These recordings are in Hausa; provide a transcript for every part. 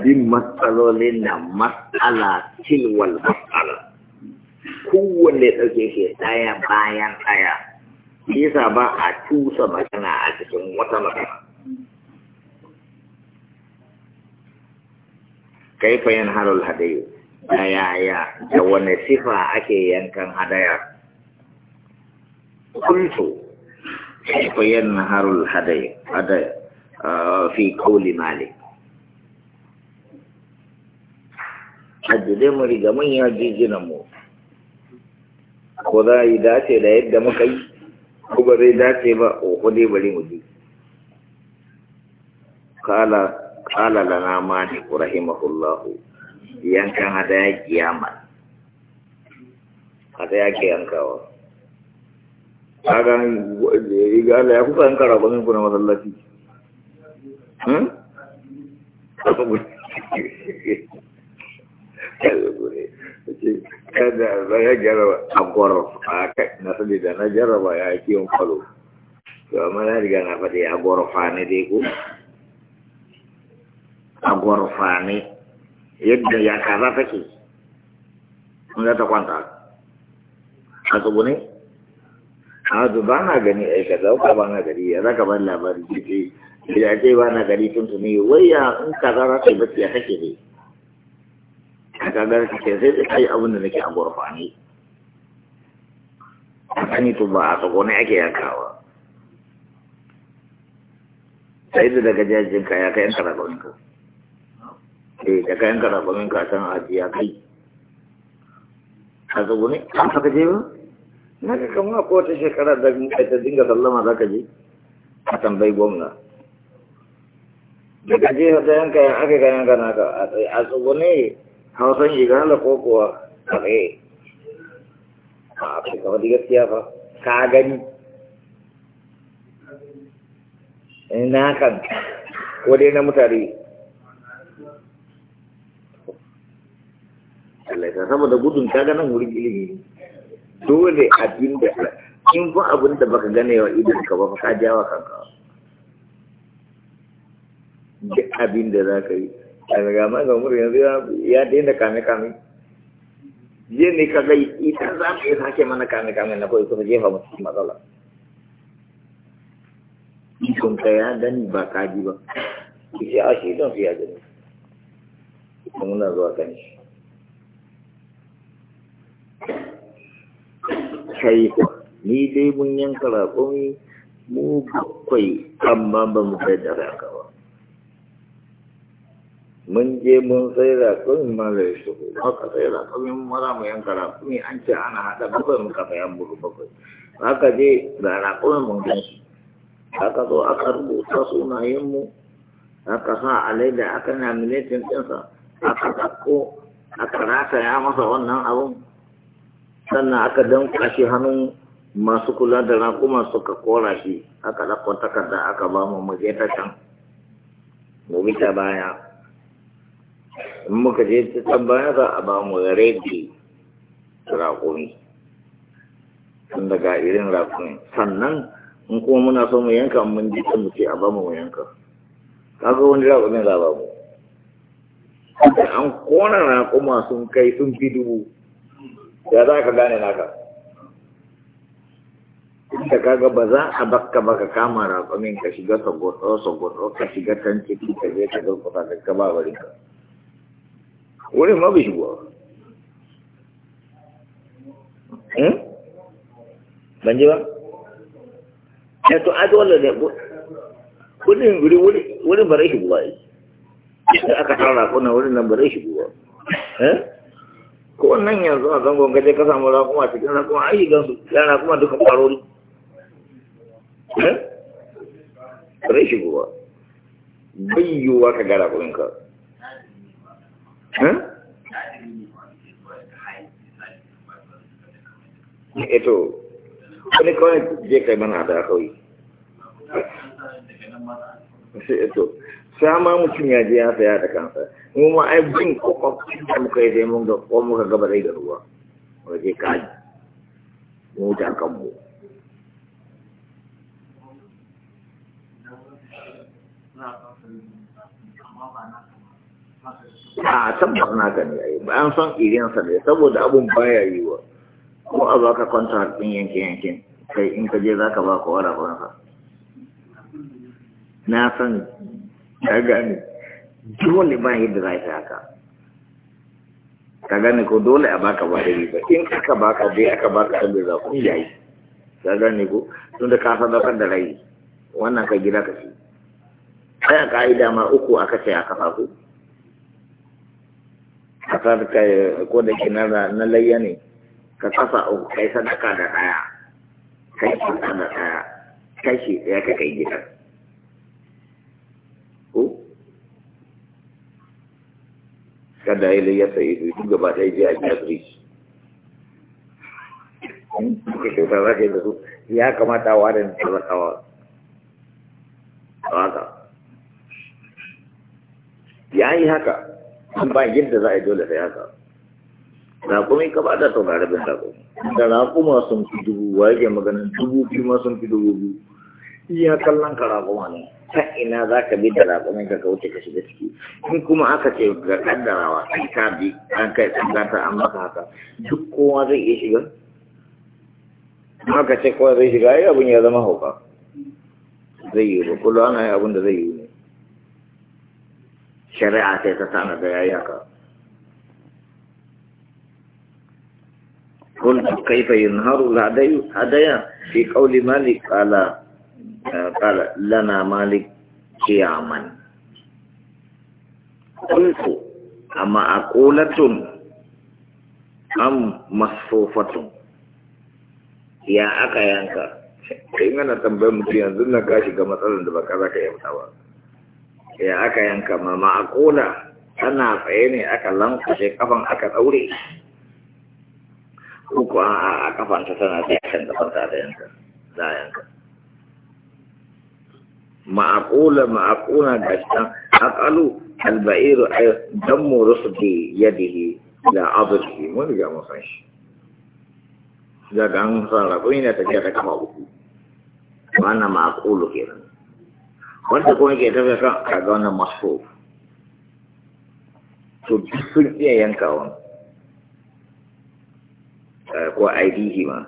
bin matsalolin da matsala tilwal matsala kowanne ɗauke ke ɗaya bayan ɗaya yasa ba a tusa magana a cikin wata magana kaifa yan harul hadayu da yaya da wani sifa ake yankan hadaya kuntu kaifa yan harul hadayu ah, fi kauli malik hajji zai mu riga manyan jijinan mu ko za a yi dace da yadda muka yi ko ba zai dace ba ko dai bari mu ji kala kala lana ku rahimahullahu yankan ya kiyama ya ke yankawa kaga rigala ya kuka yanka rabanin ku na masallaci Hmm? kada ya jarraba a goro a kai na sabi da na jarraba ya yi kiyon kwalo to amma na riga na faɗi a gorfa ne dai ko a gorfa ne yadda ya kaza take in za ta kwanta a tsubune a wato ba na gani a ka zauka ba na gari ya zaka ban labari ya ce ba na gari tuntuni wai ya in kaza za ta yi bacci ya take dai kaga ga kake sai da kai abin da nake a gurfani an to ba a tsakoni ake yankawa sai da daga jajin ka ya kayan karabamin ka eh da kayan karabamin ka san ajiya kai a tsakoni an saka je ba na ka kama ko ta shekara da kai ta dinga sallama za ka je a tambayi gwamna daga jihar da yanka aka kayan ka naka a tsakoni hausan igala ko kuwa kare a afirka wadda gaskiya fa ka gani na kan ko gudun dole abin in fa da baka gane wa idan ka ka jawa kanka duk daga gama ga mura yanzu ya daina kame-kame je ne ka gai ita za mu yi sake mana kame-kame na kawai kuma jefa musu matsala ikonka ya gani ba kaji ba ita a shi don su ya gani kuma muna zuwa kan shi kai ni dai mun yanka raƙon mu bakwai amma ba mu kai da raƙon mun je mun ko sai rakumin malaye su haka sai rakumin mara mu yanka rakumin an ce ana haɗa bakwai muka sayan buru bakwai aka je ga rakumin mun gan shi haka zo aka rubuta sunayen sunayenmu aka sa a laida aka naminetin ɗinsa aka ɗauko aka rataya masa wannan abun sannan aka danka shi hannun masu kula da rakuma suka kora shi aka ɗauko takarda aka ba mu mu je ta can mu bi baya in muka je ta tambaya za a ba mu rabi raƙumi tun daga irin raƙumi sannan in kuma muna so mu yanka mun ji ta muke a ba mu yanka kaga wani raƙumin za ba mu an kona raƙuma sun kai sun fi dubu ya za ka gane naka da kaga ba za a bakka ba ka kama raƙumin ka shiga sagwatsa sagwatsa ka shiga can ciki ka je ka zurfafa ka ba barinka wurin ma bai shigo hmm? ban ji ba ya eh, to aji wanda ne kudin guri wurin ba rai shigo ba da aka tara kuna wurin nan ba rai shigo ba eh? ko wannan yanzu a zangon gaje ka samu rakuma cikin rakuma ayi gansu yan rakuma duka farori rai eh? shigo ba bayyuwa ka gara kurinka Huh? ito eh, wani kawai je kai mana da kawai sai ito sama mutum ya je ya saya da kansa mu ma ai muka yi sai mun ga ko muka gaba zai da ruwa waje kaji mu ta na gani ba an san irinsa ne saboda abun baya yiwa ko a baka kwantar ɗin yanke yankin kai in ka je za ka ba kowa rabon ka na san ka gani dole ba yadda za ka haka ka gane ko dole a baka ba dari ba in aka baka dai aka baka ɗan bai za ku yayi ka gane ko tun da ka san da rai wannan ka gida ka ci kai a ka'ida ma uku aka ce a kafa ku a eh, ko da ke na layya ne ka kasa uku kai sadaka da ɗaya kai sadaka da ɗaya kai shi ɗaya ka kai gidan ko kada ya ya sayi su duk gaba ɗaya je a jazri ke shekar rashin da su ya kamata a ware na talakawa haka ya yi haka an ba yadda za a yi dole sai haka raƙumi ka da to da rabin raƙumi da raƙuma sun fi dubu wa yake maganin dubu biyu ma sun fi dubu biyu iya kallon ka raƙuma ne ta ina za ka bi da raƙumin ka wuce ka shiga ciki in kuma aka ce ga kaddarawa an ka bi an kai tsangata an maka haka duk kowa zai iya shiga Maka ce kowa zai shiga ai abin ya zama hauka zai yi ba kullum ana yi abin da zai yi ne shari'a sai ta tana da yayi haka قلت كيف ينهر الهدي هدايا في قول مالك قال قال لنا مالك قياما قلت أما أقولة أم مصفوفة ya aka yanka kai mana tambayar mutum yanzu na kashi matsalar da baka za ka yanka ya aka yanka ma ma'akola tana tsaye ne aka lankwashe kafan aka daure uku a a kafanta tana tsaye kan kafanta da yanka da yanka ma'aqula ma'aquna da shi al-ba'iru rusdi yadihi la abdi mun riga mun san shi da gan san rako ina tafiya da kafa uku wannan ma'aqulu kenan wanda kuma ke tafiya kan kaga masfuf to duk sun iya yankawa Eh, ko aidihi ma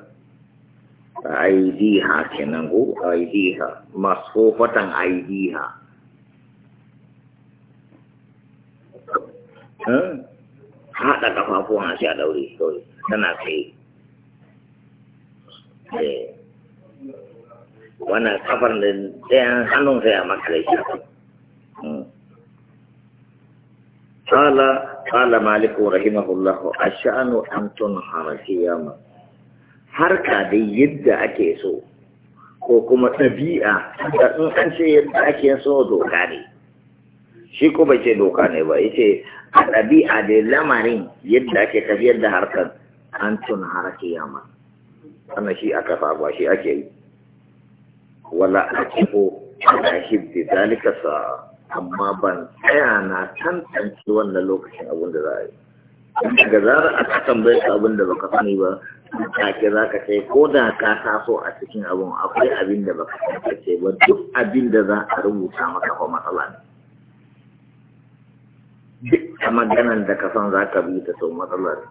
aidiha kenan ko aidiha masfufatan aidiha eh? haɗa kafafuwan shi a daure kawai tana kai eh. wannan kafar da ɗayan hannun sai a makalai shi قال hmm. Kala maliku رحمه a الشأن أن تنحر harka dai yadda ake so ko kuma ɗabi'a da in an ce yadda ake so doka ne shi ko ce doka ne ba ya ce a ɗabi'a dai lamarin yadda ake tafiyar da harkar an tun har shi aka shi ake yi wala a ciko a shi da zalika amma ban tsaya na tantance wannan lokacin abin da za a yi daga zarar aka tambaye ka abin da baka sani ba take za ka kai ko da ka taso a cikin abin akwai abin da baka tantance ba duk abin da za a rubuta maka ko matsala ne duk a maganan da ka san za ka bi ta to matsala ne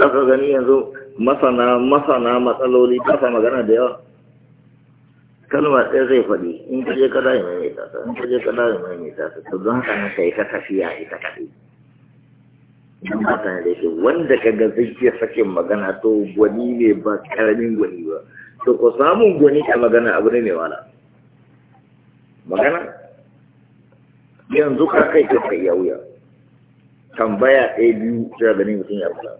za ka gani yanzu masana masana matsaloli kafa magana da yawa kalma ɗaya zai faɗi in ka je ka dawo mai ta in ka je ka dawo mai ta to don haka nan kai ka tafiya ita kaɗai don haka ne da yake wanda ka ga zai iya sakin magana to gwani ne ba karamin gwani ba to ko samun gwani a magana abu ne mai wala magana yanzu ka kai ka yi ya wuya tambaya ɗaya biyu sai ganin mutum ya fara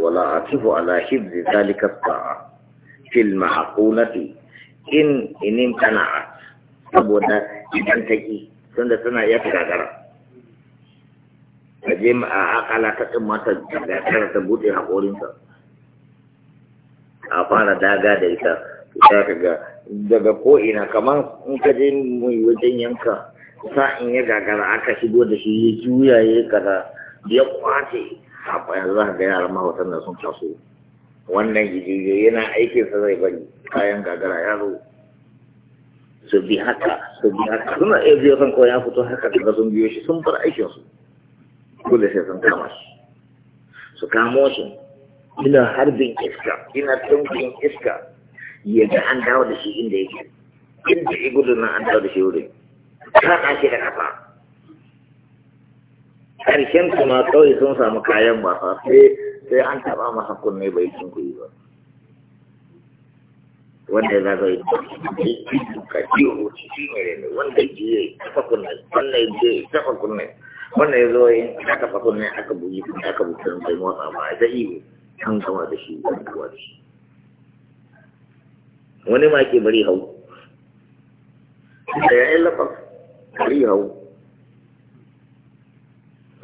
wala atifu ala hibzi zalika sa'a fil ma'qulati in inin kana saboda idan take da suna ya gagara Ka je a akala ta tsin mata gagara ta bude ka a fara daga da ita ita ga. daga ko ina kamar in ka je mai wajen yanka sa in ya gagara aka shigo da shi ya juya ya kaza ya kwace a yanzu za ka ga yaran mahautan da sun taso wannan gijije yana aikin sa zai bari kayan gagara ya zo su bi haka su bi haka suna iya biyo kan kawai ya fito haka daga sun biyo shi sun bar aikin su kula sai sun kama shi su kamo shi ina harbin iska ina tunkin iska ya ga an dawo da shi inda yake inda ya gudu nan an dawo da shi wurin kaɗa shi da kafa ƙarshen kuma kawai sun samu kayan wasa sai sai an taɓa ma hakun ne bai cin kuyi ba wanda za ka yi ka ciwo shi ne ne wanda ji ya tafa kunne wanda ya ji ya tafa kunne wanda ya zo yin aka tafa kunne aka buji kunne aka buji bai motsa ba a zai yi an gama da shi an gama da shi wani ma ke bari hau da ya yi lafa bari hau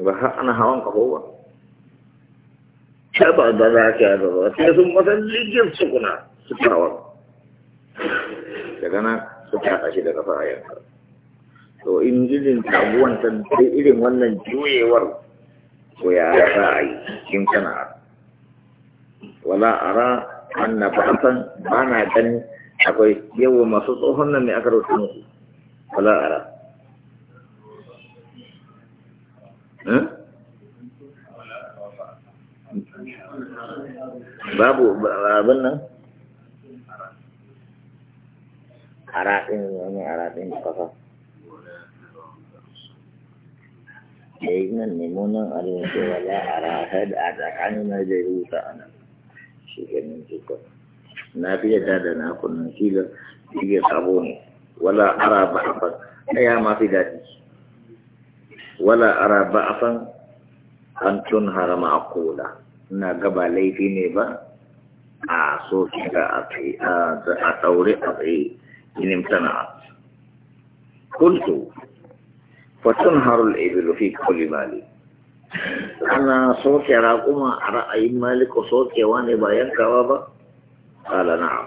ba ana hawan kaho ba sai za ka yi ba sai sun masan jirgin su kuna su kawo daga nan su kaɗa shi da kafa yanka to in jirgin taguwan ta sai irin wannan juyewar ko ya za a yi kin kana wala ara anna ba'atan ba na gani akwai yawo masu tsohon nan ne aka rauta musu wala ara hmm? babu abin nan a raɗin wani a raɗin ƙasa da yi nan nemo nan a rinke wala a rahar a tsakanin na da yi rubuta a nan shi ganin na fi yadda da na kunnan kila jirgin sabo ne wala ara ba a fan ɗaya ma fi daɗi wala ara ba a fan an tun harama a kula na gaba laifi ne ba a so shiga a tsaure a tsaye ilim tana kuntu fatun harul ibilu fi kulli mali ana soke raƙuma a ra'ayin maliku sokewa ne ba yankawa ba ƙala na'am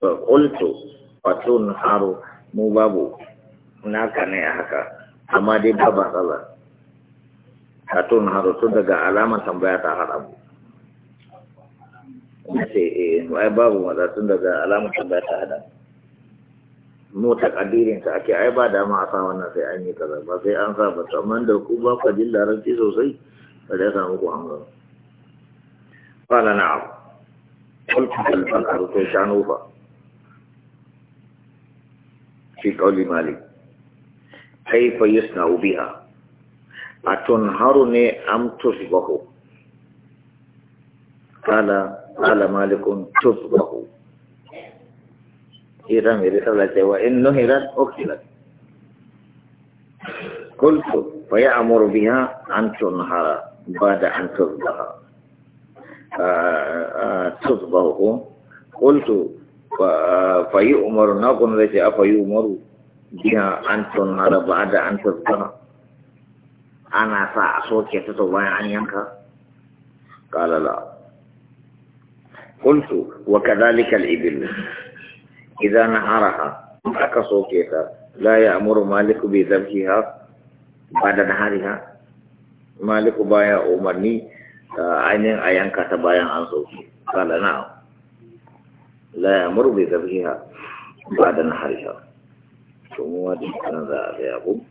فقلت فتنحر mu babu naka ne a haka amma dai ba ba tsala katun harutu daga alamar tambaya ta haramu na ce eh ai babu matsatsun daga alamar tambaya ta haramu mu takadirinsa ake ai ba dama a sa wannan sai an yi kaza ba sai an sa ba amma da ku ba ka jin laranci sosai ba da ya samu ku an gano qala na'am qultu al-baqaru to shanufa في قول مالك كيف يصنع بها أتنهرني أم تصبح قال قال مالك تصبح إرم رسالة وإن نهرت أكلت قلت فيأمر بها أن تنهر بعد أن تصبح آه، آه، آه، تصبح قلت Fayu umaru na kun zai ce a Fayu umaru biya an tona da ba da an tuta ana sa so soke ta to bayan an yanka kalala kuntu wa kadhalika al-ibil idan naharaha aka so soke ta la ya'muru maliku bi dhabhiha bada da ha. maliku baya umarni a ainihin a yanka ta bayan an soke Kala na. la yamur bi zabiha ba da nahariha to mu wadi kana da ya ku